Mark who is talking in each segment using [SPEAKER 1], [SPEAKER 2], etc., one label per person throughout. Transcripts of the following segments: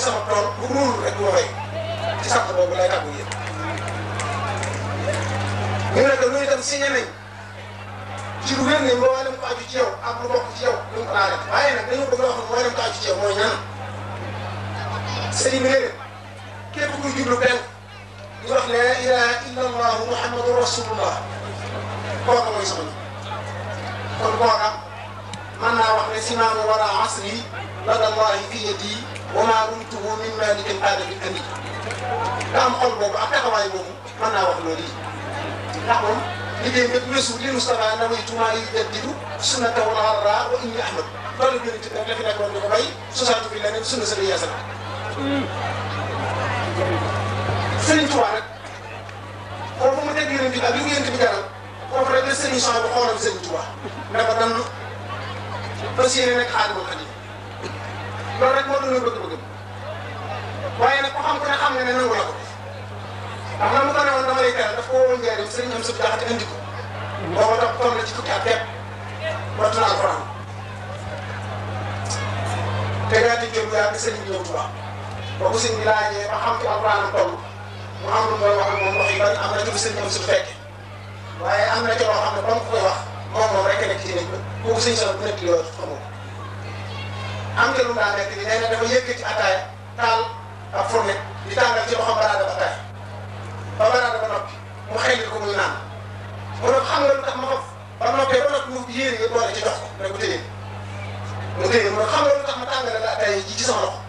[SPEAKER 1] mooy sama tool bu rek du ci sant boobu lay tàggu yéen. ñu ne que ñun itam ci lu wér ko aju ci yow ak lu bokk ci yow duñ ko laale ko aju ci yow mooy ñan. sëriñ bi nee képp kuy jublu benn ñu wax la ilaha illa allahu muhammadu rasulullah kooka kooka mën naa wax ne si maamu asri badallahi fi yadi wa maa umtuhu min malikin qaada fi andi nga am xol boobu ak taxawaay boobu mën naa wax loolu yi ndax moom liggéeyam yëpp weesu li Moustapha nawaytu maa yujaddidu sunnatahu al-harra wa inni ahmad loolu yonent rek la fi nekkoon di ko bay sosaatu fi leneen sunna sa day yeesal Sëriñ Tuubaa nag foofu mu teg yonent bi ak li ko yonent bi jaral foofu rek la sëriñ Soxna bi xoolal Sëriñ Tuubaa ne ko dan fas yéene nekk Xaadimul Xadiim loolu rek moo doon bëgg-bëggam waaye nag ku xam ku ne xam nga ne nangu la ko ndax na mu ko ne woon dama lay teral daf ko woon njëriñ sëriñ am sëb jaxate indi ko booba topp toll na ci fukki at tepp wattu na alxuraan te gaa di jël bu yàgg sëriñ bi ñëw Tuubaa boobu sëriñ bi laajee ba xam ci alxuraanam toll mu am lu mu doon wax ak moom wax yu bari am na ci lu sëriñ am sëb fekke waaye am na ci loo xam ne ba mu ko koy wax moom moom rek nekk ci nekk kooku sëriñ solo bu nekk loolu xamoo am ca lu mu daan nekk nii nee na dafa yëkkati ataaya taal ak fourne di tàngal ci loxo baraada ba tay ba baraada ba noppi mu xëy ko muy naan mu ne xam nga lu tax ma xof ba noppee ba noppi mu yéene nga boole ci dox ko ne ko tëjee mu tëjee mu ne xam nga lu tax ma tàngale la ataaya ji ci sama loxo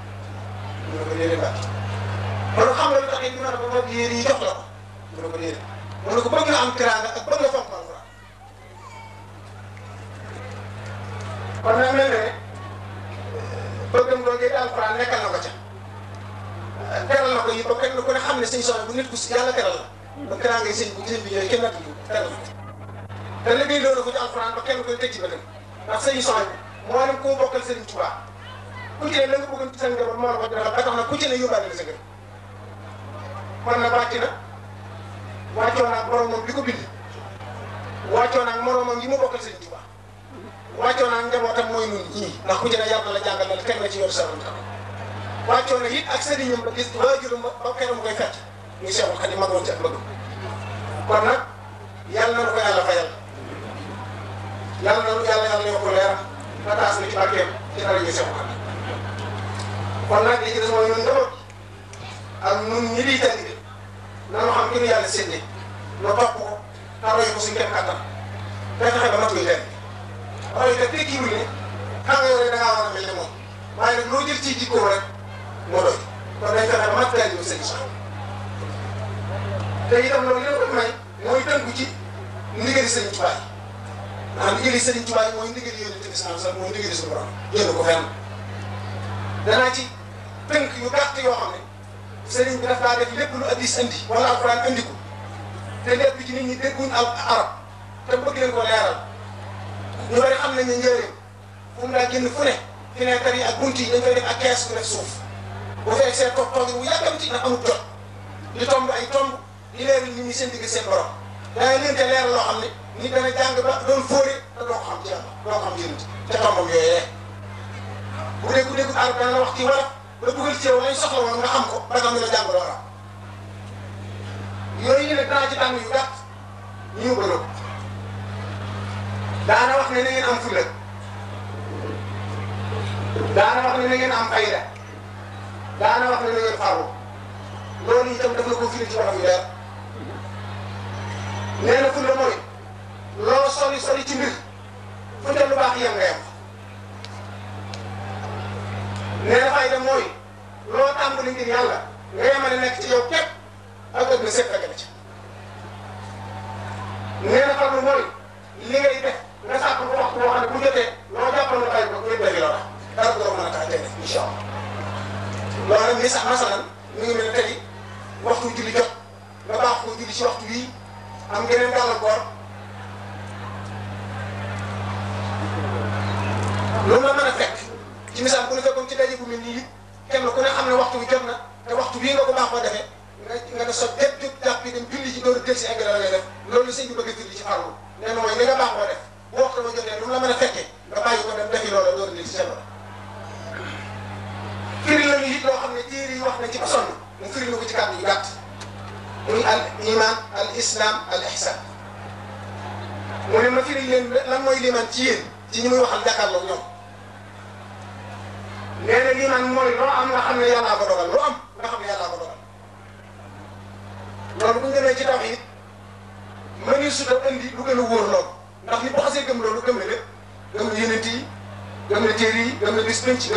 [SPEAKER 1] mu ne ko déedéet bàcc mu ne xam nga lu tax it mu ne ko boog yéene yi jox la ko mu ne ko déedéet mu ne ko bëgg nga am teraanga ak bëgg nga fonk alxuraan kon nag mel na ne bëggam doogee daal alxuraan nekkal na ko ca teral na ko yi ba kenn ku ne xam ne sëñ soxna bu nit ku yàlla teral la ba teraa ngay sëñ bu sëñ bi ñëwee kenn nag bu teral te ko ci ku ne teg ci bëtam ndax sëñ nga bëggoon sa njaboot moo la ko defal ba tax na ku ci ne yóbbaale la sa kër kon na wàcc na wàccoon ak boromam bi ko bind wàccoon ak moromam yi mu bokkal sëriñ Tuubaa wàccoo naa njabootam mooy nun ñii ndax ku jëlee yar na la jàngal na la teg la ci yoonu Seexul Xadim wàccoo na it ak sëriñam ba gis waajuram ba keroog mu koy fekk muy Seexul Xadim mag woon ci ak kon nag yàlla na nu ko yàlla fayal yàlla na nu yàlla yàlla yokk leeram ba taas na ci barkeem ci dara ñu Seexul Xadim kon nag li ci des mooy nun njaboot ak nun ñi di jàng bi nanu xam ki nu yàlla séddee nu topp ko te roy ko suñu kéem kattan te fexe ba matuñ mooy que tekkiwul ne xam nga yow da war a mel ne moom waaye nag loo jël ci jikkoom rek moo doy kon day fexe ba mat taalibe bi sëñ soxla te itam loolu li ko may mooy tënku ci ndigali sëñ Tuubaa yi maanaam ndigali sëñ Tuubaa yi mooy ndigali Yonent bi sallallahu alayhi wa sallam mooy ndigali suñu borom jënd ko fenn danaa ci tënk yu gàtt yoo xam ne sëriñ bi daf daa def lépp lu addis indi wala alxuraan indi ko te lépp ci nit ñi dégguñ al arab te bëgg leen ko leeral. ñu bari xam nañ ne njëriñ fu mu daa génn fu ne fenêtre yi ak bunt yi dañ koy def ak kees bu def suuf bu fekk seen toog toog bu yàkkamti ndax amul jot di tomb ay tomb di leer nit ñi seen digg seen borom da ngay leen te leer loo xam ne nit dana jàng ba doon fóore te doo ko xam ci Yàlla bu dee la wax ci soxla woon nga xam ko ba nga mën a jàng loola yooyu nag danaa ci tàng yu gàtt ñu bëgg daana wax ne ngeen am fulla daana wax ne na ngeen am fayda daana wax ne ngeen faru loolu itam daf la ko ci waxam yi daal nee na fulla mooy loo soli soli ci mbir fu dem lu baax yem nga mooy loo tàmbali ngir yàlla nga yemale nekk ci yow képp ak ëpp na sëpp ak ci nee na farlu mooy li ngay nga sàkk ko waxtu boo xam ne bu jotee loo jàppale bàyyi ko lépp léegi loola dara ko doon mën a tax tey incha mi ngi mel ne tey waxtu julli jot nga baax ko julli si waxtu wii am geneen gàllankoor loolu la mën a fekk ci misaal bu ñu fekkoon ci daje bu mel nii kenn ku ne xam ne waxtu bi jot na te waxtu bii nga ko baaxoo defee nga nga def sot jot julli ci door a del si engrais la ngay def loolu sëñ bi bëgg a julli ci farlu nee na mooy li nga baaxoo def bu waxtu ba jotee lu mu la mën a fekkee nga bàyyi ko dem defi loola door ni ci seen firi la ñu it loo xam ne téere yi wax nañ ci ba sonn mu firi ñu ko ci kàddu yu gàtt muy al iman al islam al ihsan mu ne ma firi leen lan mooy liman ci yéen ci ñi muy waxal jàkkaarloog ñoom nee na liman mooy loo am nga xam ne yàllaa ko dogal loo am nga xam ne yàllaa ko dogal loolu bu ñu demee ci tawhid mëni su da indi lu gën a wóor loolu ndax nit bu xasee gëm loolu gëm na lépp gëm na yonent yi gëm na téere a gëm na bis penc yi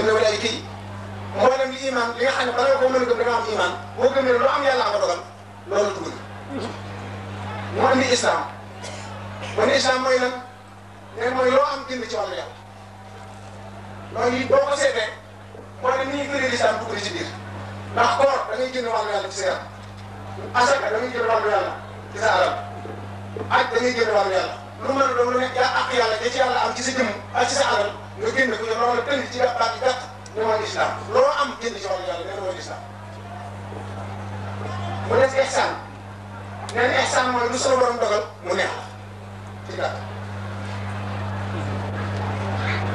[SPEAKER 1] mboolem li iman li nga xam ne bala nga ko mën a gëm da nga am iman boo gëmee lu am yàlla nga dogal loolu dugg na mu andi islam bon islam mooy lan nee mooy loo am génn ci wàllu yàlla loolu it boo ko seetee mboolem ni ñuy firi lislam dugg na ci biir ndax koor da ngay génn wàllu yàlla ci sa yaram asaka da ngay génn wàllu yàlla ci sa alal aj da ngay génn wàllu yàlla lu mu doon lu ne yaa àq yàlla da ci yàlla am ci sa jëmm ak ci sa alal nga génn ko yow loolu tënk ci gàtt baat yi gàtt ne mooy lislaam loo am génn ci wàllu yàlla ne mooy lislaam mu def ihsaan nee na ihsaan mooy lu sunu borom dogal mu neex la ci gàtt.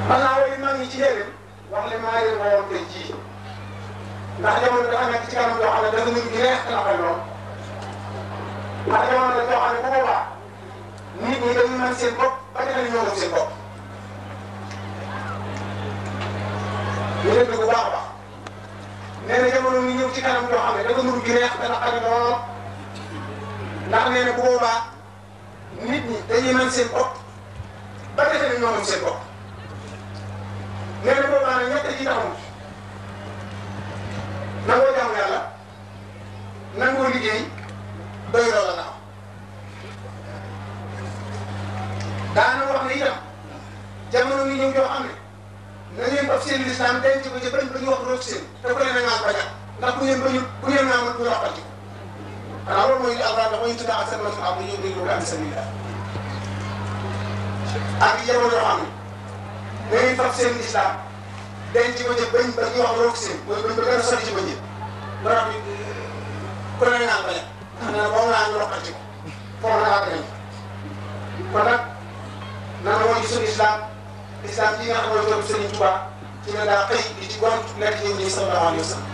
[SPEAKER 1] man laa wooyee mag ñi ci njëriñ wax le maa leen woowoon tey jii ndax jamono dafa nekk ci kanam yoo xam ne dafa nit ñi neex te naqari lool ndax jamono dafa yoo xam ne bu boobaa. nit ñi dañuy mën seen bopp ba tey dañoo mën seen bopp. ñu déglu bu ci kanam yoo xam ne dafa nuru gi reex dana xane lool ndax nee na bu boobaa nit ñi dañuy mën seen bopp ba tey dañoo mën seen bopp. nee na boobaa nag ñett ci taxawul nangoo jaamu yàlla nangoo liggéey doy loola la. daana wax ne itam jamono mi ñëw joo xam ne na ngeen def seen lislaam denc ko ci bañ ba ñu wax roog seen te ku leen a naan baña ndax bu ngeen bañu bu ngeen naa mën ñu waxal ci xanaa loolu mooy li alquran dafa ñu tudda ak seen masu am ñu déglu am seen lislaam ak jamono yoo xam ne na ngeen def seen lislaam denc ko ci bañ ba ñu wax roog seen mooy bañ a sori ci bañ yi ndax bi ku leen mu naa naka moo gisul islam islam yi nga xam ne toog Serigne Touba ci la daa xëy di ci gont nekk ci indi sallallahu alayhi wa sallam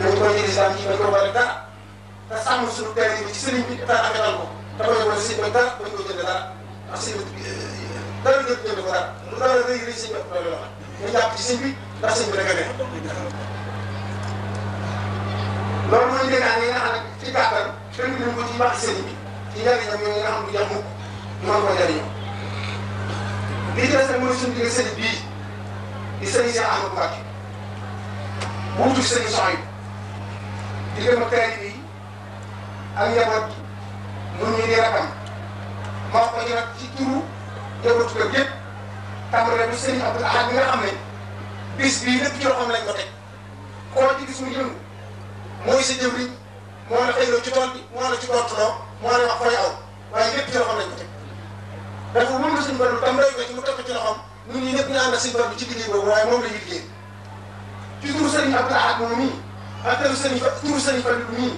[SPEAKER 1] dañu koy jël islam yi bañ ko boole dara te sàmm suñu tari bi ci Serigne bi dafa rafetal ko te bañ a boole sëñ ba dara bañ ko jënd dara ndax sëñ bi euh, dara ñëpp jënd ko dara lu dara rëy rëy sëñ bi ëpp doole la ñu jàpp ci sëñ bi ndax sëñ bi da nga ne loolu mooy dénkaan yi nga xam ne ci gàttal tënk nañ ko ci baax sëriñ bi ci njëriñam yooyu nga xam du jeex mukk ñu mën ko jëriñoo li ci des nag mooy suñu digg sëriñ bii di sëriñ Cheikh Ahmadou Mbacke mu wutu si sëriñ Soxna yi di gëm ak taalibe yi ak njaboot mun ñu di rakam ma wax ko ci nag ci turu njabootu kër yëpp tàmbalee bu sëriñ Abdoul Ahad nga xam ne bis bii lépp ci loxoom lañ ko teg koo ci gis mu yëngu mooy sa jëwriñ moo la xëyloo ci tool bi moo la ci gortuloo moo la wax fooy aw waaye lépp ci loxoom lañ ko teg. dafa wóor na suñu borom tam roy ko ci mu teg ko ci loxoom ñun ñii ñëpp ñu ànd ak suñu borom ci liggéey boobu waaye moom la ñuy liggéey ci turu Serigne Abdou Ahad moom mii turu Serigne fa turu Serigne Fallou mii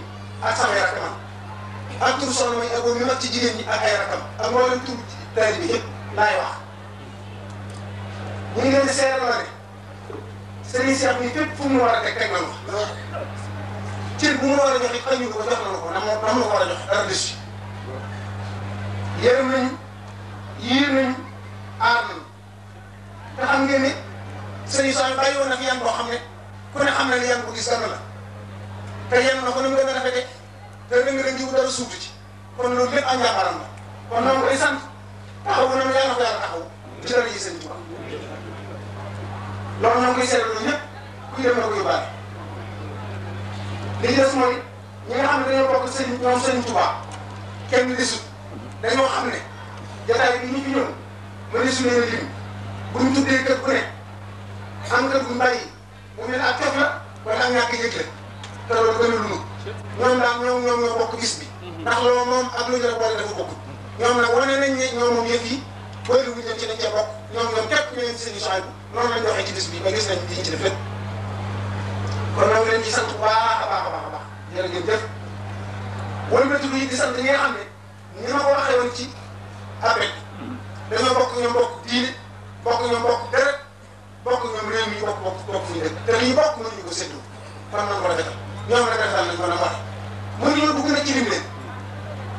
[SPEAKER 1] ak turu soxna may ak mi mag ci jigéen ñi ak ay rakkam ak mboolem turu daal bi yëpp laay wax. ñu ngi leen di seeral la ne Serigne Cheikh mi fu mu war a teg teg na ma la wax cër bu mu war a jox it xëy na ko jox na ma ko dama dama la ko a jox dara des ci yiir nañu aar nañu te xam ngeen ni sëñ Saal bàyyi woon na fi yan boo xam ne ku ne xam na ne yan bu gis dana la te yan na ko ni mu gën a rafetee te rëng-rëng jiwu dara suutu ci kon loolu la kon ñoo ngi koy seetlu ñëpp kuy dem na ko yóbbaale nga xam ne dañoo bokk sëñ ñoom sëñ kenn desut dañoo xam ne. jotaay bi ñu fi ñëw ma ne su leen lim bu ñu tuddee kër ku ne am kër bu ñu bàyyi mu mel ak cof la wala ak ñàkk ak lu ñu la boole dafa bokk ñoom nag wane nañ ne ñoom moom yëf yi boole wuñ leen ci dañ bi ba gis nañ liñ ci def lépp kon nag leen ci baax a baax a baax a baax nga tudd ne ni ma ko waxee ci ak rek dañoo bokk ñoom bokk diine bokk ñoom bokk deret bokk ñoom réew mi bokk bokk bokk fu ñu dëkk te li ñu bokk mënuñu ko séddoo kon nañ ko rafetal ñoom rafetal nañ ko na war mënuñoo dugg na ci lim leen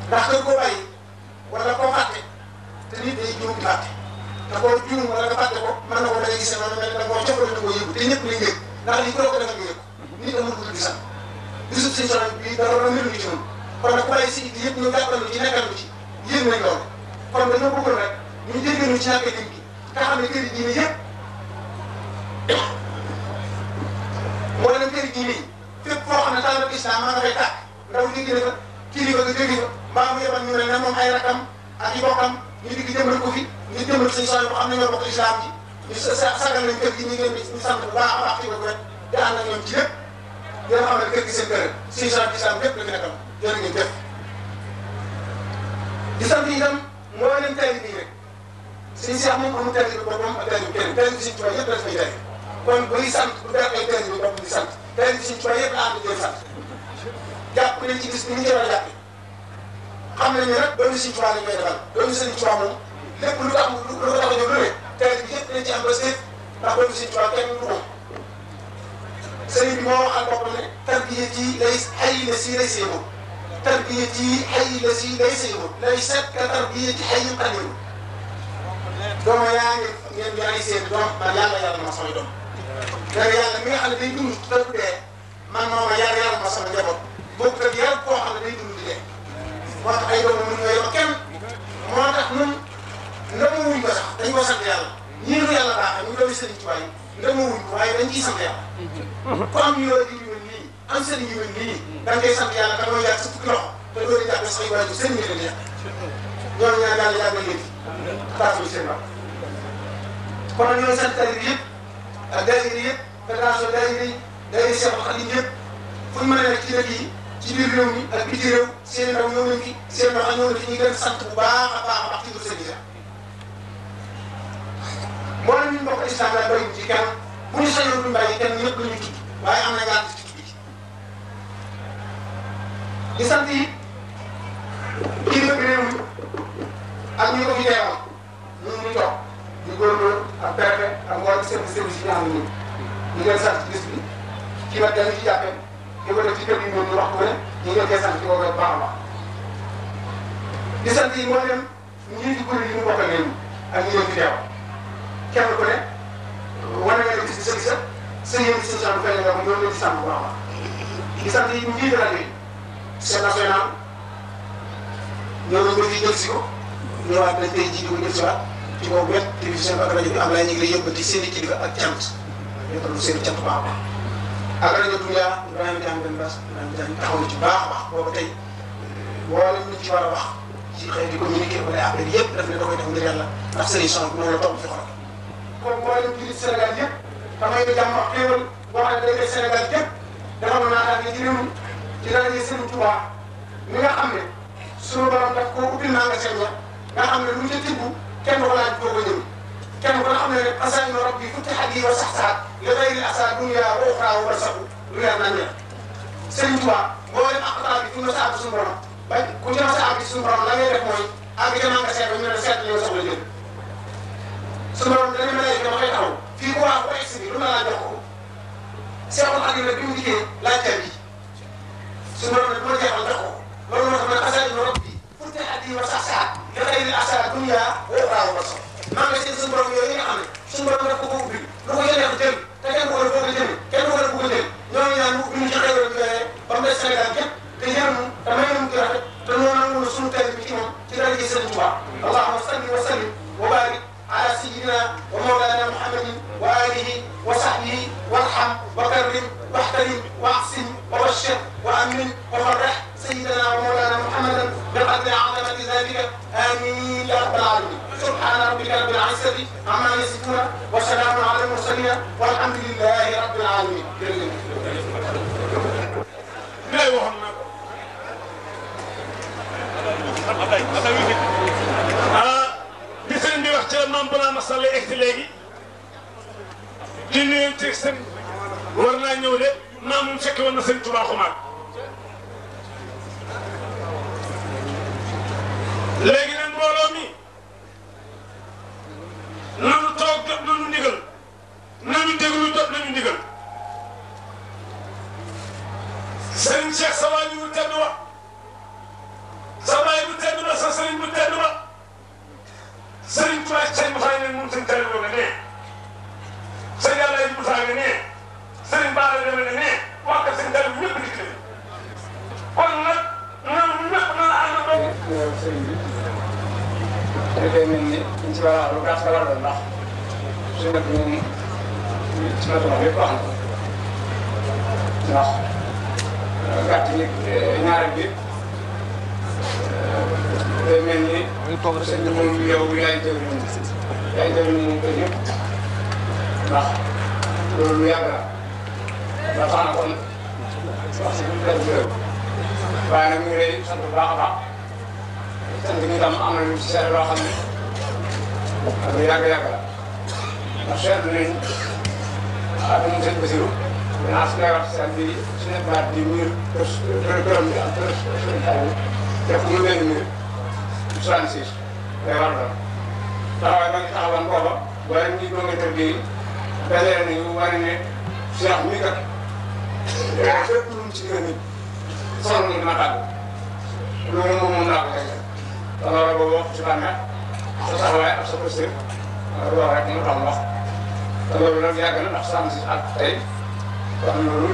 [SPEAKER 1] ndax dañ ko bàyyi wala koo fàtte te nit day juum di fàtte te koo juum wala nga fàtte ko mën na ko da ngay gis noonu mel ne da nga koo coppale da nga yëngu te ñëpp lañ yëg ndax lii ku la ko defal ñu yëg nit amul ko tudd sax gisub suñu sonal bi dafa doon mbiru ñu ci noonu kon nag ku bàyyi si it yëpp ñu jàppal ci nekkal ci yéen nañ loolu kon dañoo bëggoon rek ñu jéggalu ci ñàkk a jëm gi nga xam ne kër yi diine yëpp mboolem kër yi diine yi fépp foo xam ne tànn islam maa nga fay tàkk ndaw jóge na fa kilifa nga jóge fa mbaa mu yebal ñu ne ne moom ay rakam ak i bokkam ñu digg jëmbal ko fi ñu jëmbal seen soxla boo xam ne ñoo bokk islam ji ñu sagal nañ kër gi ñu gën ñu sant bu baax a baax ci ko rek di ànd ak ñoom ci lépp di nga xamal kër gi seen kër seen soxla islam lépp la fi nekkal jërë ngeen jëf di sant itam moo leen tali bii rek suñu seex moom amul tali bi boppam ak tali bi kenn tali bi suñu tubaab yëpp dafa fay tali kon buy sant du dara ay tali bi boppam di sant tali bi suñu tubaab yëpp la am di sant jàpp nañ ci bis bi ñu ci war a jàppee xam ne nag doomu suñu tubaab lañ koy defal doomu suñu tubaab moom lépp lu tax lu ko tax a jóg lu ne tali bi yëpp dañ ci am ba séet ndax doomu suñu moo waxal boppam ne tarbiyee ji lay ay na si lay tarbiyati hayy la si lay sayru lay set ka tarbiyati hayy a doomu yaa ngi ngeen joxe seen doom man yàlla yàlla ma samay doom. yàlla yàlla mi nga xam ne day dund te du dee man moom a yàlla yàlla ma sama njaboot bokkul ak yàlla koo xam ne day dund di dee. moo tax ay doom mun nga yor kenn moo tax ñun ndamamuñ ko sax dañ ko sant yàlla ñii ko yàlla baaxee ñu doomi Sëriñ Tuubaa yi ndamamuñ ko waaye dañ ciy sant yàlla. am sëriñ yu mel nii da ngay sant yàlla da ngay jaar sa fukki loxo te doo leen jàppale sax yu waajur sëriñ bi la neex ñooñu ñaan yàlla yàgg na léegi taasuñu seen baax kon nag ñooy sant daayira yëpp ak daayira yëpp fédération daayira yi daayira Cheikh Khadim yëpp fu ñu mën a nekk ci dëkk yi ci biir réew mi ak biti réew seen ndaw ñoo leen fi seen ndaw ñoo leen fi ñu gën sant bu baax a baax a baax ci biir sëriñ bi mboolem ñun mbokk islam la bëriwul ci kenn bu ñu sañoon duñ bàyyi kenn ñëpp la ñu tudd waaye am na ñaar di sant yi kilifa bi réew mi ak ñu ko fi teewal ñun ñu toog di góorgóorlu ak préfet ak mboolem service service yi ñu am nii ñu leen sant ci bis bi kii nag dañu ci jàppee di ko def ci kër yi ñoom ñu wax ko ne ñu ngi leen koy sant ci kooku baax a baax di sant yi mboolem ñii ci kuréel yi mu bokkal réew mi ak ñu leen fi teewal kenn ku ne wane nga dem ci sa gis-gis sa yéen ci sa soxla bu fekkee nga ko ñoo leen di sant bu baax a baax di sant yi ñu jiite rajo yi c'est national ñooñu bëgg jël si ko di ko jël si waat ci boobu wet télévision
[SPEAKER 2] ak rajo bi am lay ñu
[SPEAKER 1] ngi lay yëbbati seen i kilifa ak cant yëbbalu seen cant baax baax ak rajo Dunia Ibrahima Diagne Ben Bass Ibrahima Diagne taxaw na ci baax a baax war a wax ci xëy ne da koy def ngir yàlla ndax sëriñ son bi noonu la toog fi xolam. kon mboolem jullit Sénégal yëpp damay ne jàmm ak xéewal boo xam ne day dafa mën naa daal ne ci ci daraja Sëriñ Tuubaa mi nga xam ne suñu borom daf koo ubbi naa nga seen la nga xam ne lu ca tibb kenn du ko laaj doo ko ñëw kenn ku ne xam ne rek asaani rabbi futtixat yi wa sax saat li xayri asa dunya wa uxra wa barsaxu lu leer nañ la Sëriñ Tuubaa boo dem aqtaar bi fi mu sa àgg suñu borom ba ku jëm sa àgg suñu borom la ngay def mooy àgg ca naa nga seet ba ñu ne seet li nga soxla jël suñu borom dana mel ne dama koy taxaw fii ku waax ko egsi bi lu ma laa jox ko seexul ak yi nag bi mu dikkee laajte bi su ma doon ma jeexal jox ko loolu moo tax ma ne xasaay bi ma rëbb bi pour te at bii war sax saa nga xëy na asaar dunya woo xaaral war sax maa ngi seen suñu borom yooyu nga xam ne suñu borom daf ko
[SPEAKER 3] Moussa sëñ Moussa ñu ne moom sëñ Saliou nga nee sëñ Yàlla Moussa nga nee sëñ Bara Deme nga nee wax ko sëñ Saliou ñëpp di ci kon nag noonu ñëpp na la ànd doon.
[SPEAKER 4] sëñ bi dafay mel ni dañ si war a lu gàtt war a ndax suñu nag moom ci ma toog yëpp wax na ko ndax gàtt ñaareel bi day mel ni sëñ bi moom yow yaay jëriñ yaay jëriñ moom kër yëpp ndax loolu lu yàgg la ba tax na kon wax si biir kër waaye nag ñu ngi lay sant bu baax a baax sant ñu tam am na lu ci seet loo xam ne lu yàgg yàgg la ndax seetlu nañ ah dama sëñ Basiru dinaa su lay wax si bi suñu baat di miir kër këram bi ak kër def mu benn miir 76 day war a taxawaay ba nga taxawoon booba ba ren ñi doog a tërbiyee dajale nañu wane ne Cheikh mi kat fépp lu mu ci gën a sonn na dina tàgg loolu moom moom laa ko teg te loolu boobu wax ci bànneex sa taxawaay ak sa posture loolu rek mu tax mu wax te loolu nag yàgg na ndax 76 at tey wax loolu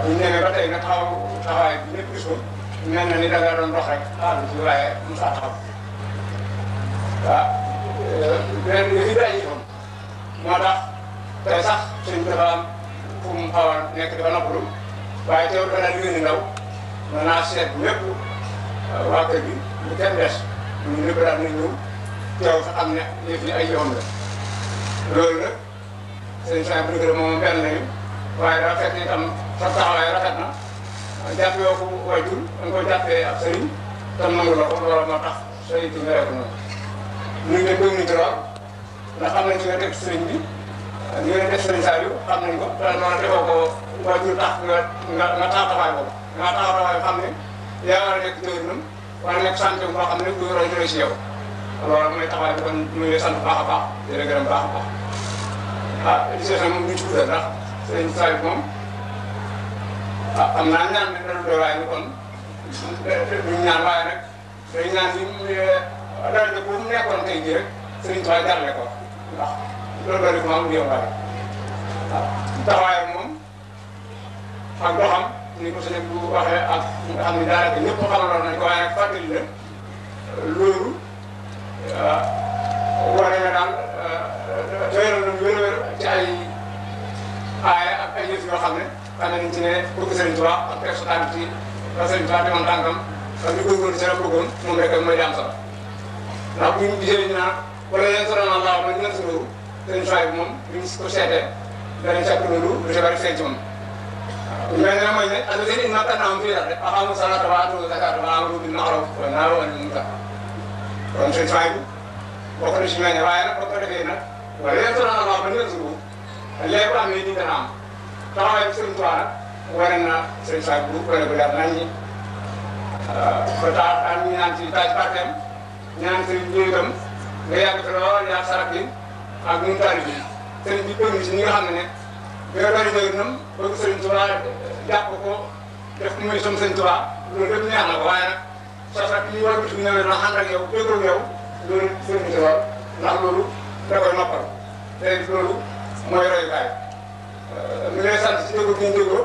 [SPEAKER 4] bu ñu demee ba tey nga taxaw taxawaay bi ñëpp gis ko. mel na ni da nga doon dox rek si waaye mu sax xam waaw beneen bi fi daje moo tax tey sax suñ dafa am fu mu xaw a nekk dafa noppalu waaye teewul dana liggéey ni ndaw mën naa seet lépp euh, waa kër gi bu kenn des ñun ñëpp daal nañ ñëw teew sax am ne yëf yi ay yoon la loolu nag seen saa yu bëgg moom benn lañu waaye daa fekk itam sa taxawaay rafet na. jàppee ko waajur da nga koy sëriñ
[SPEAKER 2] tam nangu ko loolu
[SPEAKER 4] moo tax sëriñ bi mere ko noonu. ñu ngi leen bëgg ñu droit ndax xam nga teg sëriñ bi ñu ngi def sëriñ Saliou xam nañ ko te ko waajur tax nga nga nga taxawaay boobu nga taxawaay xam ne yaa war a nekk njëriñam wala nekk sant boo xam ne du war a jëlee si yow loolu mooy taxawaay bi kon ñu ngi lay baax a baax di la gërëm baax a baax ah li si moom du ñu ci ndax sëriñ Saliou moom. waaw ah, xam naa ñaan bi dana doy waaye ni kon duñ ñaan waaye nag dañ ñaan li mu eh, rajo bu mu nekkoon tey jii rek Sëriñ Tuubaa jarale ko ndax loolu bëri maa ngi yomb a ah, rek waaw taxawaayam moom ak doxam ni ko sëñ bu waxee ak nga xam ne daanaka ñëpp xamaloon nañ ko waaye nag fàttali la loolu ah, wane na daal doyoon nañu wér-wér ci ay aaya ak ay yëf yoo xam ne. xam nañ ci ne pour que Serigne Touba ak teg sa tànk ci la Serigne Touba demoon tànkam ak li bëggoon ci la bëggoon moom rek mooy di am solo ndax bu ñu gisee ñu naan wala yeneen sonal naa laaw nag ñu naan sa loolu Serigne Touba bi moom bi ñu ko seetee danañ fekk loolu lu ci bari feeñ ci moom waaw ñu mel ne mooy ne alladina inna tanaam fii rek aqaamu salaata wa aatu zakaata wa amaru bil ma'ruf wa nahaw anil munkar kon Serigne Touba bi bokk na ci ñu mel ne waaye nag boo ko defee nag wala yeneen sonal naa laaw nag ñu naan sa loolu lépp am na ñu dana am taxawaay bi Serigne Touba wane na sëñ Saal bu wane bu leer nañ euh, taaj partem ñu naan Serigne ñëw itam nga yàgg fi lool yaa sarak bi ak ñun tari bi Serigne bi bëgg ci ñi nga xam ne ne nga bari bëgg nam bëgg Serigne ko def ko muy som Serigne Touba loolu lépp neex na ko waaye nag sos ak ñu war a tudd ñëwee ànd ak yow déglu yow loolu Serigne Touba ndax loolu da koy noppal te loolu mooy ci dëgg gi ñu dëgg la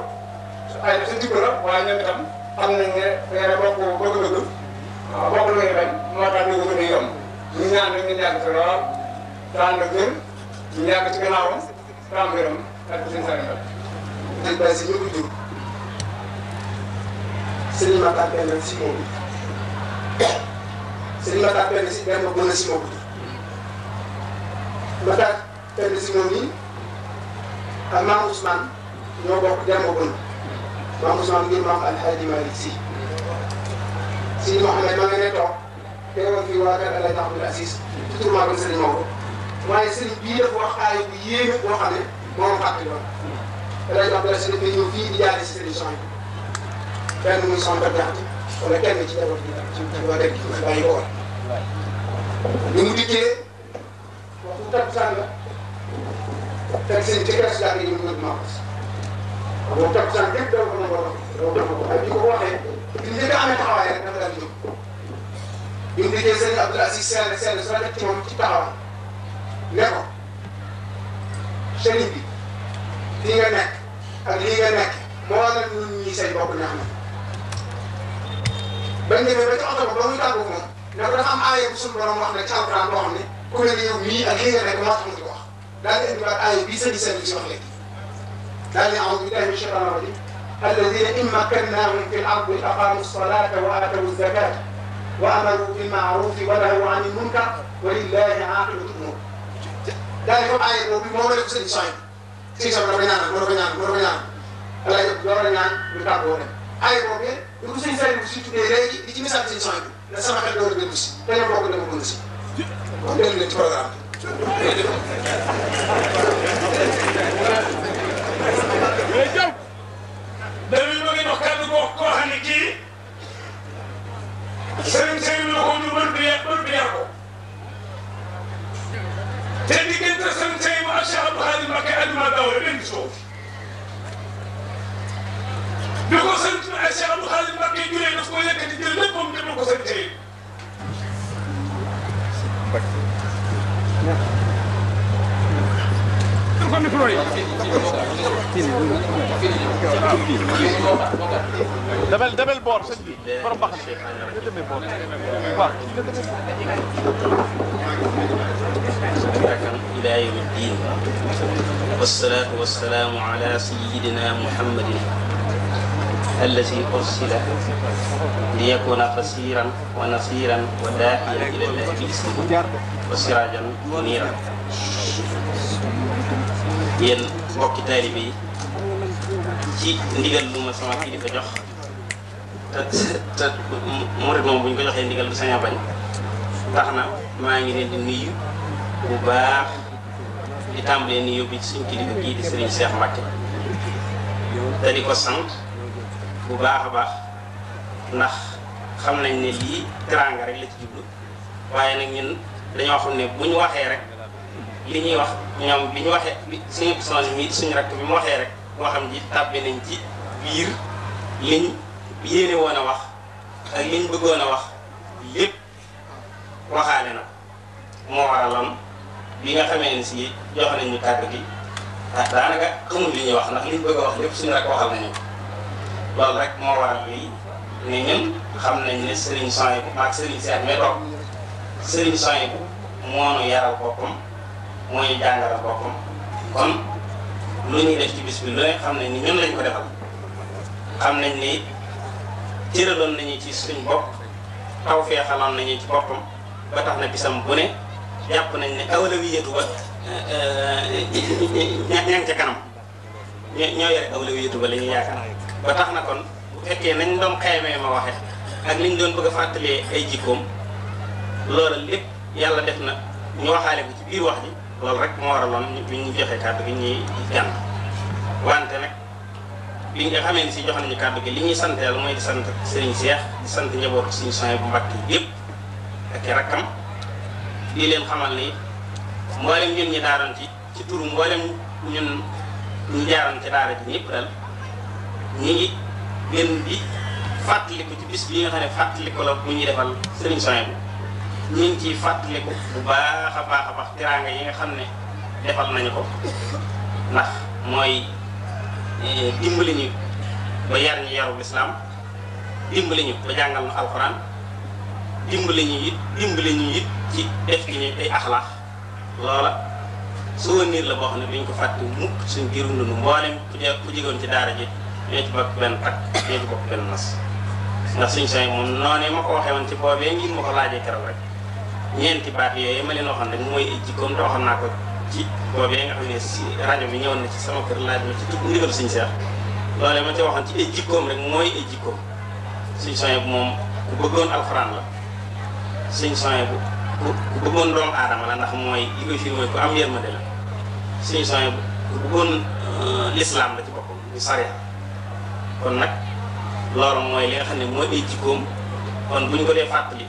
[SPEAKER 4] su ay sa jikko la waaye ñoom itam xam nañ ne nee na bokk bëgg-bëgg bokk lu ngeen bañ moo tax ñu ko gën a yomb ñu ñaan rek ñu yàgg ci lool daan la gën ñu yàgg ci gannaawam daan gërëm ak seen
[SPEAKER 1] sànqal. dëgg ba si ñu ko jur sëñ Matar benn si moom sëñ Matar benn si benn bu na si moom Matar benn si moom yi ak maam Ousmane. ñoo bokk jàngagum maam Ousmane ngir maam Alxaaji Malick Si Sidi Mouhamed maa ngi ne toog teewal fii waa kër Alaaji Abdul Asiis ci tur maa gën Sëriñ Maodo waaye bii dafa wax aay bu yéeme boo xam ne moom fàttali woon Alaaji Abdul Asiis dafa ñëw fii di jaare si sëriñ Soxna benn muy Soxna Jaxate wala kenn ci jabar bi ci waa kër gi fi bàyyi ko woon ni mu dikkee waxu takkusaan la fekk sëriñ ci keroog si jàng yi mu nëbb maa ko boo takkusaan yëpp dama ko nangoo dama ko nangoo waaye bi ko ko waxee bi njëkk a amee taxawaay rek dafa daal di jóg bi mu dikkee sëñ Abdoul Aziz seen seen su rafet moom ci taxawaay ne ko sëriñ bi lii nga nekk ak lii nga nekk moo la ñun ñii say bokk ñax na bañ demee ba ci oto ba ba muy tàggu moom ne ko dafa am aaya bu suñu borom ne ci alquran boo xam ne ku ne yow mii ak lii nga nekk moo tax mu di ko wax daal di indiwaat aaya bii sëñ bi seen si wax léegi daal di a'uudu billahi mina shaytaani rajiim alladina in makkannaahum fi l ardi aqaamu salaata wa aatawu zakaata wa amaru bil maaruufi wa nahaw ani l munkar wa lillahi aaqibatu umuur daal di ko aaye boobu moom la ko sëñ Soy sëñ Soy dama ko ñaanal dama ko ñaanal dama ko ñaanal wala yëpp doo la ñaan ñu tàggoo dem aaye boobu du ko sëñ Soy bu si tuddee léegi di ci misaal sëñ Soy bi sama xel doo la gën si te ñoom bokk dama gën si kon dellu leen ci programme
[SPEAKER 3] bi wax ni kii sëriñ sëriñ la ko ñu bër bi bër bi yar ko te diggante sëriñ sëriñ ak Cheikh Abdou Khadim Mbacké Alima Dawla benn soof bi ko sëriñ ak Cheikh Abdou Khadim Mbacké juree daf ko yëkkati jël léppam jëmal ko sëriñ sëriñ
[SPEAKER 2] ko micro yi. dabel dabel boor sëñ bi borom baxante nga demee boor waaw nga
[SPEAKER 5] demee إلى يوم الدين والصلاة والسلام على سيدنا محمد الذي أرسل ليكون بصيرا ونصيرا وداعيا إلى الله بإسمه وسراجا منيرا yéen mbokki taalibe yi ci ndigal lu sama kii di ko jox te te murit moom bu ñu ko joxee ndigal du sañ bañ tax na maa ngi leen di nuyu bu baax di tàmbalee nuyu bi suñ kilifa kii di Serigne Cheikh Mbacke te di ko sant bu baax a baax ndax xam nañ ne lii teraanga rek la ci jublu waaye nag ñun dañoo xam ne bu waxee rek. li ñuy wax ñoom bi ñu waxee bi suñu change mii suñu rakk bi mu waxee rek moo xam ji tàbbi nañ ci biir liñ yéene woon a wax ak liñ bëggoon a wax lépp waxaale na moo waralam bi nga xamee ne si jox nañ ñu kàddu gi ndax daanaka xamul li ñuy wax ndax liñ bëgg a wax lépp suñu rakk waxal nañu loolu rek moo waral lii ne ñun xam nañ ne Serigne Souhaïbou ak Serigne Cheikh melo sëriñ Serigne Souhaïbou moo nu yaral boppam mooy jàngalal boppam kon lu ñuy def ci bis bi looy xam ne ni ñun lañ ko defal xam nañ ni cëraloon nañu ci suñ bopp taw fee xaloon nañu ci boppam ba tax na bisam bu ne jàpp nañ ne awlawiyatu ba ña ngi ca kanam ñoo ñoo yore awlawiyatu ba la ñuy yaakaar ba tax na kon bu fekkee nañ doon xayamee ma waxe ak liñ doon bëgg a fàttalee ay jikkoom loola lépp yàlla def na ñu waxaale ko ci biir wax ji loolu rek moo waraloon bi ñu joxe kàddu gi ñuy gan wante nag li nga xamee ni si jox nañu kàddu gi li ñuy sant yàlla mooy di sant sëriñ Seex di sant njabootu suñu soñ bu mbàkk yi yëpp ak i rakkam di leen xamal ni mboolem ngeen ñi daaroon ci ci turu mboolem ñun ñu jaaroon ci daara ji ñëpp daal ñu ngi gën di fàttaliku ci bis bi nga xam ne fàttaliku la bu ñuy defal sëriñ soñ bu ñu ngi ciy fàttaliku bu baax a baax a baax tiraanga yi nga xam ne defal nañu ko ndax mooy eh, dimbali ñu ba yar ñu yaru lislaam dimbali ñu ba jàngal na alxuraan dimbali ñu it dimbali ñu it ci def ci ñu ay axlaax loola souvenir la boo xam ne duñ ko fàtt mukk suñ biirum dund mboolem ku jigoon ci daara ji ñoo ci bokk benn takk ñoo ci bokk benn nas ndax suñ say moom noonee ma ko waxee woon ci boobee ngir ma ko laajee keroog rek ñeenti baat yooyu ma leen waxoon rek mooy jikkoom te waxoon naa ko ci boobee nga xam ne si rajo bi ñëwoon na ci sama kër laaj ma ci tudd ndigal suñu seex loolee ma rek mooy ay jikkoom suñu soñe bu moom ku bëggoon alxuraan la suñu soñe bu ku bëggoon doomu aadama la ndax mooy li koy am yërmande la suñu soñe bu ku bëggoon euh, lislaam la ci boppam ñu sariya kon nag loolu mooy li nga xam ne mooy ay jikkoom kon buñ ko dee fàttali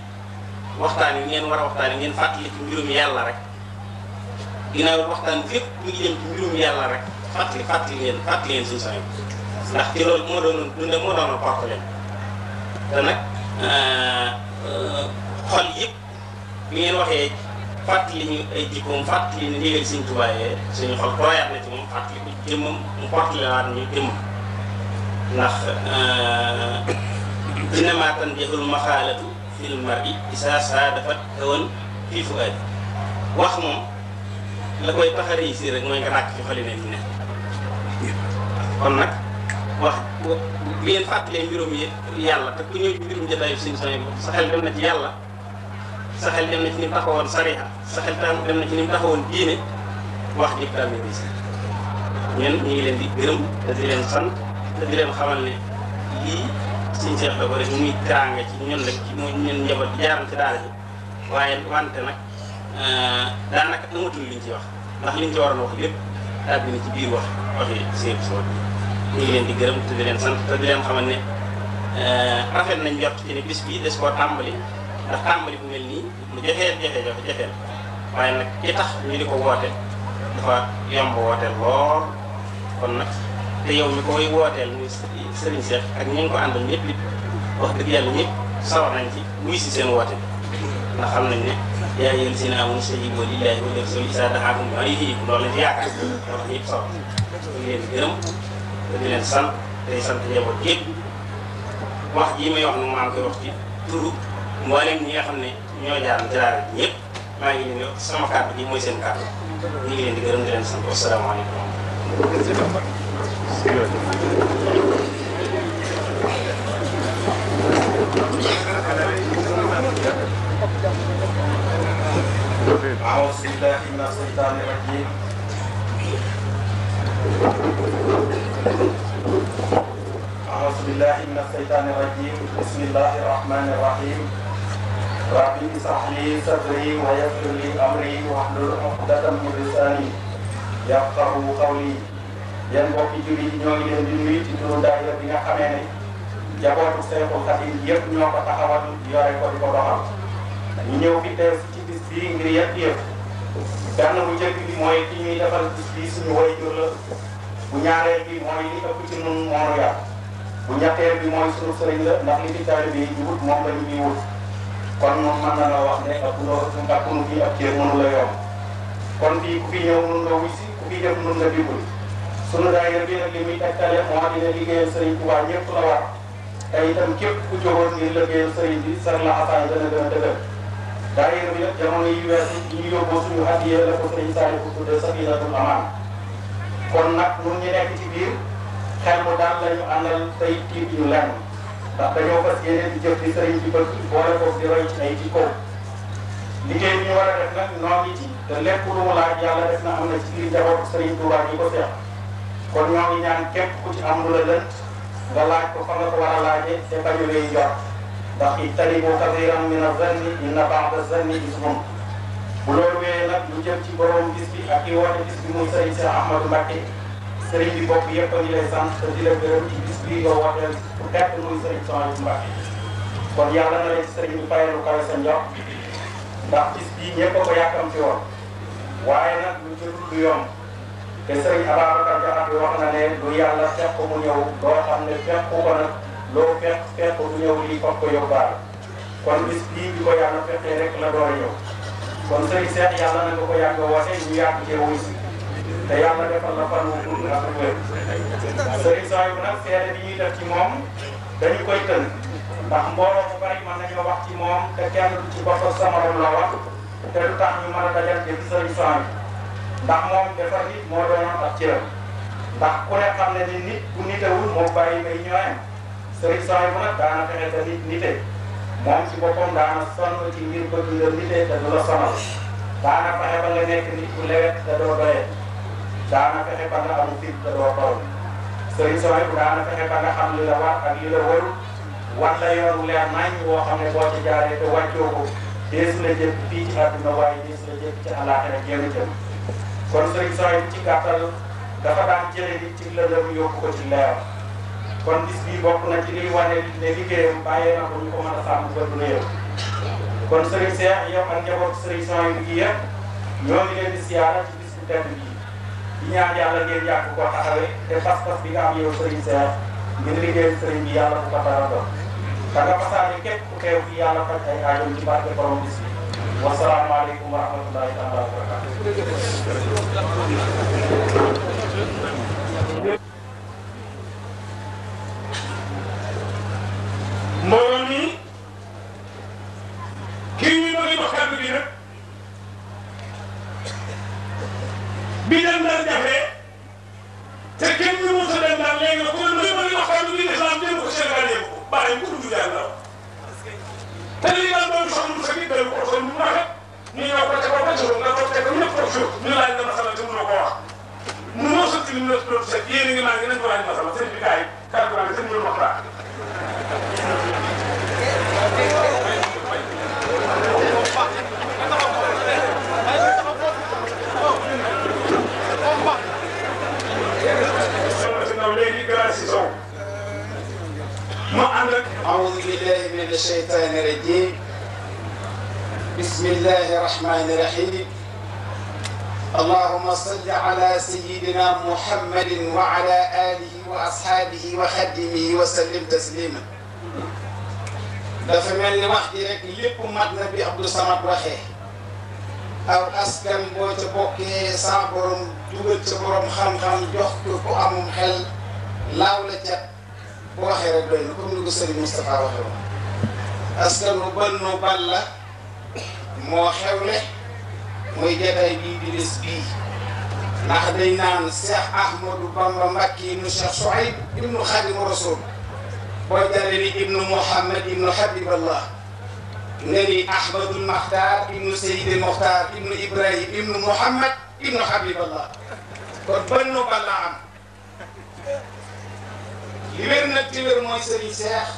[SPEAKER 5] waxtaan yi ngeen war a waxtaan yi ngeen fàttali ci mbirum yàlla rek ginnaaw waxtaan fépp mi ngi jëm ci yàlla rek fàttali fàttali leen fàttali leen suñu sooy ndax ci loolu moo doonoon dundam moo doonoon porte leen te euh, xol yëpp ngeen waxee fàttali ñu ay jikkoom fàttali ñu ndigal Sëriñ Tuubaa suñu xol booyaat na ci moom fàttali ko jëmmam mu porte laat ñu jëmmam ndax dina euh, maa tan jeexul maxaalatu fil mar'i isaa saadafat hawan fii fuaadi wax moom la koy tax a rek mooy nga nàkk fi xoli ne fi ne kon nag wax bu ngeen fàttalee yàlla te ku ñëw ci mbirum jotaayu suñu sooy sa xel dem na ci yàlla sa xel dem na ci ni taxawoon sariha sa xel dem na ci nim taxawoon diine wax ji daal di réussir ñu ngi leen di gërëm te leen sant te di leen xamal ne lii. suñu seex ba bëri muy teraanga ci ñun rek ci ñun njaboot bi jaaram ci daal ji waaye wante nag eh, daanaka amatul liñ ci wax ndax liñ ci waroon wax lépp daal dina ci biir wax waxi seen soo ñu ngi leen di gërëm te di leen sant te di leen xamal ne eh, rafet nañ jot ci ne bis bii des koo tàmbali ndax tàmbali bu mel nii lu jafee jafe jafe jafeel waaye nag ci tax ñu di ko woote dafa yomb wooteel lool kon nag te yow mi koy wooteel muy Serigne Cheikh ak ñi nga ko àndal ñëpp it wax dëgg yàlla ñëpp sawar nañ ci wuy si seen woote bi ndax xam nañ ne yaa yéen si naa moom stajibu lillahi wa rasulihi izaa da'aakum limaa yuhyiikum ñu sant tey sant njaboot gépp wax jii may wax nag maa ngi nga xam ne ñoo jaar maa ngi leen di sama kàddu gi mooy
[SPEAKER 6] seen kàddu gërëm di leen sant wasalaamaaleykum أعوذ بالله من الشيطان الرجيم أعوذ بالله من الشيطان الرجيم بسم الله الرحمن الرحيم ربي اشرح لي صدري ويسر لي أمري واحلل عقدة من لساني يفقه قولي yéen mbokki jullit yi ñoo ngi leen di nuyu bi nga xamee ne jabootu Seexul Xadiim yëpp ñoo ko taxawal yore ko di ko doxal ñu ñëw fi teew ci bis bii ngir yëpp yëpp benn bu njëkk bi mooy ki ñuy defal bis bii suñu waajur la bu ñaareel bi mooy li ëpp ci nun moonu yar bu ñetteel bi mooy suñu sëriñ la ndax li fi taalibe yi ñu wut kon moom mën na la wax ne ëpp loo ngàpp la yomb kon fii ku fi ñëw nun la wuy si ku fi dem nun la dimbali sunu daayira bi nag li muy tegtale moo di ne sëriñ Tuubaa ñëpp la wax te itam képp ku jógoon ngir liggéeyal sëriñ bi a ñu sëriñ Saali kon nag nun ñu nekk ci biir xel mu daal la ñu àndal tey ñu lenn dañoo fas yéene jëf di sëriñ bi bëgg boole ko di roy ci ay liggéey bi war a def nag noo ngi te lépp lu mu laaj yàlla def na am na ci biir njabootu sëriñ Tuubaa ñi ko seex kon ñoo ngi ñaan képp ku ci am lu la lënt nga laaj ko fa ko war a laajee te bañ a lay jot ndax ijtanibu kathiran mina zanni inna ba'da zanni ismun bu loolu wéyee nag lu jëm ci borom bis bi ak yi woote bis bi muy sëriñ Cheikh Ahmadou Mbacké sëriñ bi bopp yëpp a lay sant te la gërëm ci bis bii nga wooteel bu tekk muy sëriñ Sohaybu Mbacké kon yàlla na leen sëriñ bi fayal lu kawe sa njox ndax bis bii ñëpp a ko yàkkamti woon waaye nag lu jëm lu te sëriñ Ababacar Diakhaté wax na ne lu yàlla fekk mu ñëw loo xam ne fekk ko nag loo fekk fekk mu ñëw lii foog ko yóbbaale kon bis bii bi ko yàlla fekkee rek la door a kon sëriñ Seex yàlla na nga ko yàgg wase ñu yàgg cee wuy si te yàlla defal la fan wu gudd ak wér sëriñ Sow bu nag seede bi ñuy def ci moom dañu koy tënk ndax mbooloo bu bari mën nañoo wax ci moom te kenn du ci bopp sama la wax te lu tax ñu mën a dajal ci sëriñ Sow ndax moom defar nit moo doonoon ak cëram ndax ku ne xam ne ni nit bu nitewul moo bàyyi may ñooyam sëriñ sooy bu daana fexe te nit nite moom ci boppam daana sonn ci ngir bëgg la nite te du la sonal daana fexe ba nga nekk nit bu lewet te doo doyee daana fexe ba nga amu fit te doo toll sëriñ sooy bu daana fexe ba nga xam li la war ak li la waru war la yoonu leer nañ woo xam ne boo ci jaaree te wàccoo ko deesu la jëm fii ci àdduna waaye deesu la a kon sëriñ Saaliw ci gàttal dafa daan jëlee nit ci lëndëm yóbbu ko ci leer kon bis bii bokk na ci wane ne liggéeyam bàyyee na ko ko mën a sàmm ba du néew kon sëriñ Seex yow ak njaboot sëriñ Saaliw gi yëpp ñoo ngi leen di siyaara ci bis bu tedd bii di ñaan yàlla ngeen yàgg ko taxawee te pas-pas bi nga am yow sëriñ Seex ngir liggéeyal sëriñ bi yàlla bu ko dara doon da nga fasaane képp ku teew fi yàlla faj ay aajam ci barke borom bis bi wasalaamaaleykum wa rahmatulahi taala wa barakatu
[SPEAKER 1] mat na bi Abdou Samad askan sa borom dugal ca borom xam-xam jox ko ku amum xel bu waxee rek moo xewle muy jataay bii di bii ndax day naan Cheikh Ahmadou Bamba Mbacke ibnu Cheikh Souaib ibnu Khadim Rasoul boo jaree ni ibnu Mouhamed ibnu Habib Allah ne ni Ahmadul Maxtaar ibnu Seydi Moxtaar ibnu Ibrahim ibnu Muhammad ibnu Habiballah kon ban nu balla am li wér nag ci wér mooy Serigne Cheikh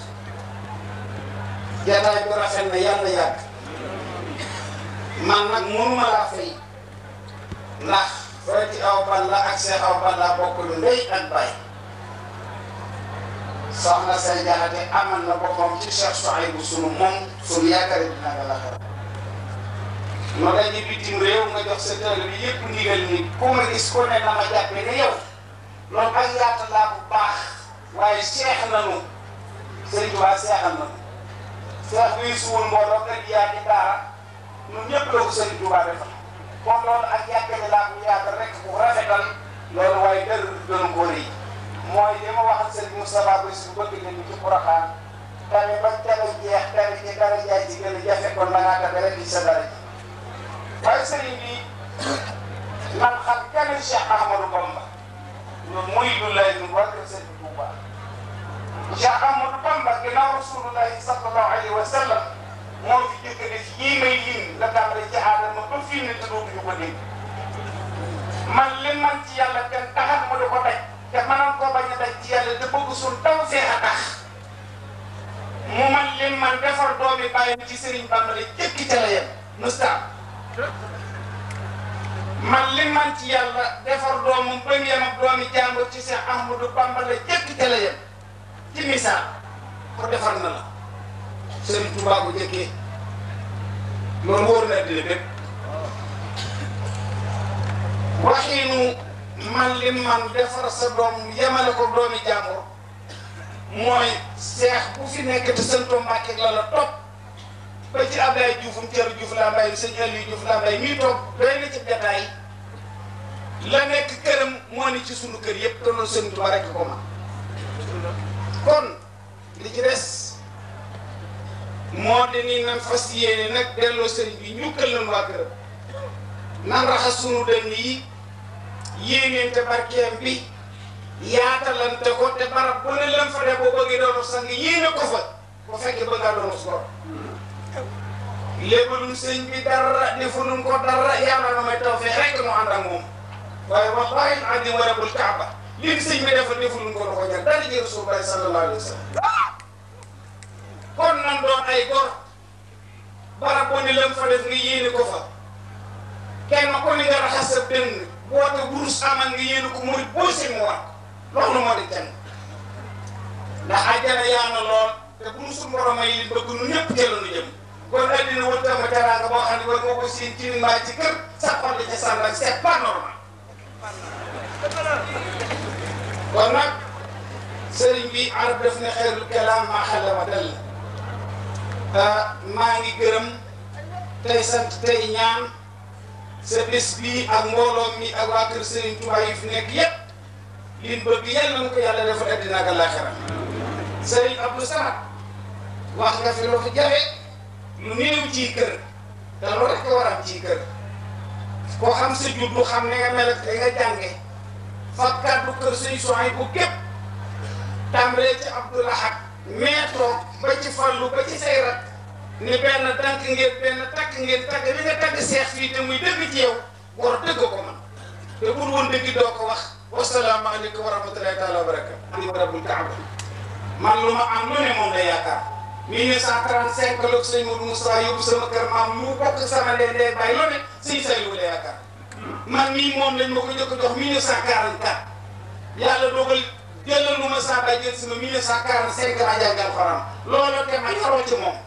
[SPEAKER 1] jataay bu rafet na yàlla yàgg man nag mënuma laa fay ndax Fati aw Balla ak Cheikh aw Balla bokk lu ndey ak bay soxna say jaxate amal na boppam ci Cheikh Souhaïbou sunu moom sunu yaakaar yi dina la xar noo lay ñu bitim réew nga jox sa tëral bi yëpp ndigal ni ku ma gis ku ne na ma jàppe ne yow loolu ak yaata laa bu baax waaye seex nanu sëñ Tuubaa seexal nanu seex wii suwul mbooloo kër gi yaa di daara ñun ñëpp la ko sëñ Tuubaa def kon loolu ak yàkkati laa bu yaata rek bu rafetal loolu waaye dër doon ko rëy mooy li ma waxal Serigne Moustapha Boury su bëgg nañu ci Porokhane tamit ba teel a jeex tamit ci dara jaay ci gën a jafe kon da ngaa demee rek ci sa dara ji waaye Serigne bi man xam kenn Cheikh Ahmadou Bamba ñun muy lu lay ñu war ko Serigne Touba Cheikh Ahmadou Bamba ginnaaw Rasulullahi sallallahu alayhi wa sallam moo fi jëkk ne yii may lim la tàmbali ci aadama ba fii ne te dootuñu ko dégg man li man ci yàlla kenn taxat ma di ko daj. te mënoon koo bañ a daj ci yàlla te bëgg suñ taw see a mu man leen man defar doomi bàyyam ci Serigne Bamba la jëkki ca la yem mustaam man li man ci yàlla defar doomu premier ak doomi jàmbur ci Seex Ahmadu Bamba la jëkk ca la yem ci misaal ko defar na la Sëriñ bu jëkkee loolu wóor na man li man defar sa doom yemale ko doomi jàmbur mooy seex bu fi nekk te sëntoo Mbàkke la la topp ba ci Ablaye Diouf Cër Diouf Lambaye sëñ Aliou Diouf Lambaye mii toog doy na ci jataay la nekk këram moo ni ci sunu kër yëpp te loolu sëñ Tuubaa rekk ko ma kon li ci des moo di ni nan fas yéene nag delloo sëriñ bi ñukkal nañu waa këram nan raxas sunu dënn yi yéeneen te barkeem bi yaatalante ko te barab bu ne lan fa def boo bëggee doonu sang yéene ko fa bu fekkee ba ngaa doonu su borom lébaluñ sëñ bi dara defuñu ko dara yàlla na may tawfeex rek mu ànd ak moom waaye wallahi al-aziim wa rabbul kaaba li sëñ bi defal defuñu ko doxoo ñor dara ji Rasulullah sallallahu alayhi wa sallam kon doon ay gor barab bu lan fa nga yéene ko fa kenn ku ne nga raxas sa dënn woote buru saaman nga yéene ko murit boo si mu war loolu moo di jàng ndax àjjana yaa na lool te bu nu suñu borom ay yi bëgg nu ñëpp nu jëm kon addina wër tam a teraanga boo xam ne war nga ko seen ci mbaa kër sa xol la ca sàngal c'est pas normal kon nag sëriñ bi arab def ne xeerul kalaam maa xalla wa dal ah, maa ngi gërëm tey sant tey ñaan sa bés bii ak mbooloo mi ak waa kër Serigne Touba yi fi nekk yépp liñ bëgg yal na ko yàlla defal àddina ak àllaaxira Serigne Abdou Samad wax nga fi lu fi jafe lu néew ci kër te loolu rek war am ci kër
[SPEAKER 2] koo xam sa juddu
[SPEAKER 1] xam ne nga mel ak te nga jànge fab kàddu kër Serigne Souhaïbou bu képp tàmbalee ci Abdou Lahad meetoo ba ci Fallou ba ci Seyrat ni benn dank ngeen benn takk ngeen takk bi nga takk seex fii te muy dëgg ci yow gor dëgg ko man te bul woon dëgg doo ko wax wasalaamaaleykum wa rahmatulahi taala wa barakatu ni rabbul kaaba man lu ma am lu ne moom la yaakaar 1935 la sëñ Modou Moussa yóbbu kër maam mu bokk sama ndey ndey bàyyi lu ne sëñ Saliou la yaakaar man nii moom lañ ma ko jëkk jox 1944 yàlla dogal jëlal lu ma saa bay si ma 1945 laa jàngal xaram loola te ma yaroo ci moom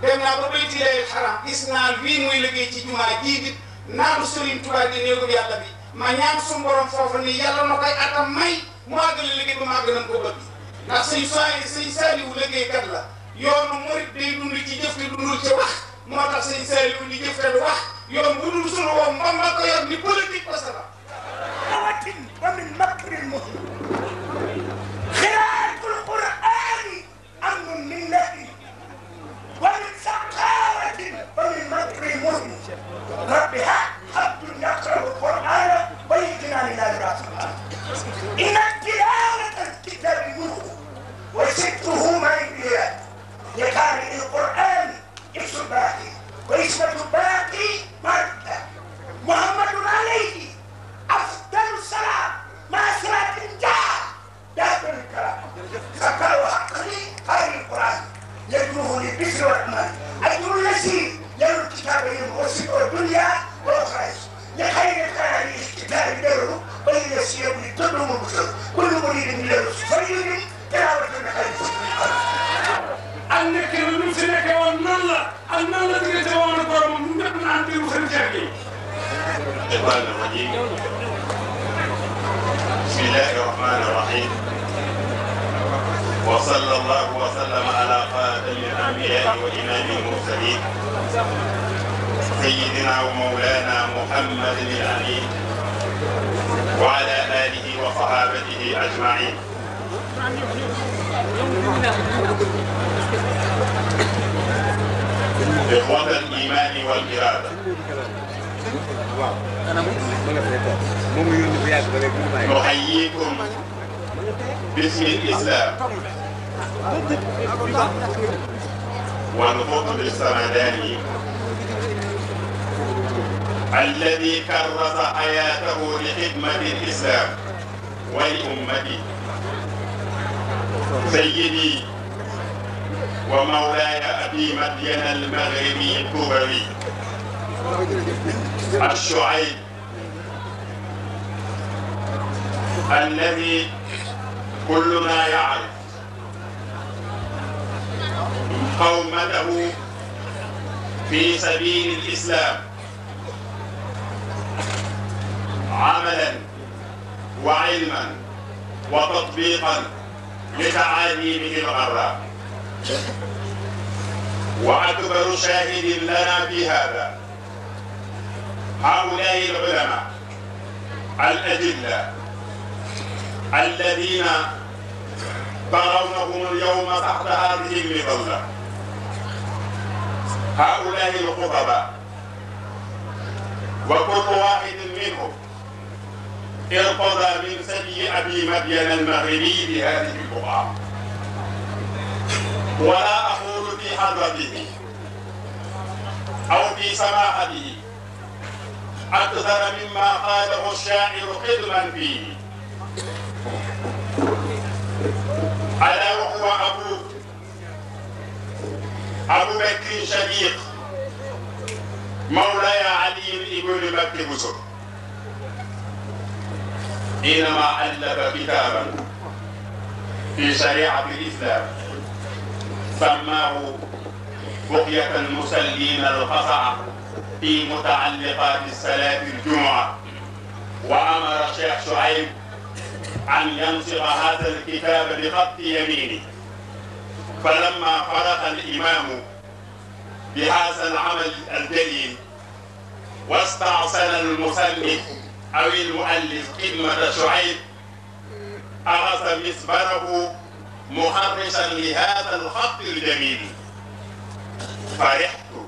[SPEAKER 1] dem naa ba bayti lay xaram gis naa lii muy liggéey ci jumaa jii di naanu Serigne Touba di néegub yàlla bi ma ñaan suñu borom foofu ni yàlla na koy atam may mu àggale liggéey ba mu àgg nañ ko bëgg ndax sëñ Saali sëñ Saaliwu liggéeykat la yoonu murit day dund ci jëf te dundul ci wax moo tax sëñ Saaliwu di jëf te wax yoon bu dul sunu woo mbam ma ko yor
[SPEAKER 3] ni politique parce que awatin wa min makrin muhim xiraatul Qur'aan amnun min nabi ومن فقر
[SPEAKER 2] al-iman wal irada nuhayyikum
[SPEAKER 1] bismil islam
[SPEAKER 2] wa nufuq bis samadani الذي كرس حياته لخدمة الإسلام ولأمته سيدي ومولاي أبي مدين المغربي الكوبوي الشعيب الذي كلنا يعرف قومته في سبيل الإسلام عملا وعلما وتطبيقا لتعاليمه الغراء وأكبر شاهد لنا في هذا هؤلاء العلماء الأجلة الذين ترونهم اليوم تحت هذه المظلة هؤلاء الخطباء وكل واحد منهم ارتضى من سبي أبي مدين المغربي بهذه القرآن ولا أقول في حضرته أو في سماحته أكثر مما قاله الشاعر قدما فيه ألا وهو أبو أبو بكر شقيق مولاي علي بن بكر بسر حينما ألف كتابا في شريعة الإسلام سماه بقية المصلين القصع في متعلقات الصلاة الجمعة وأمر الشيخ شعيب أن ينصب هذا الكتاب بخط يمينه فلما فرغ الإمام بهذا العمل الجليل واستعصل المصنف أو المؤلف خدمة شعيب أخذ مسبره محرصا لهذا الخط الجميل
[SPEAKER 3] فرحت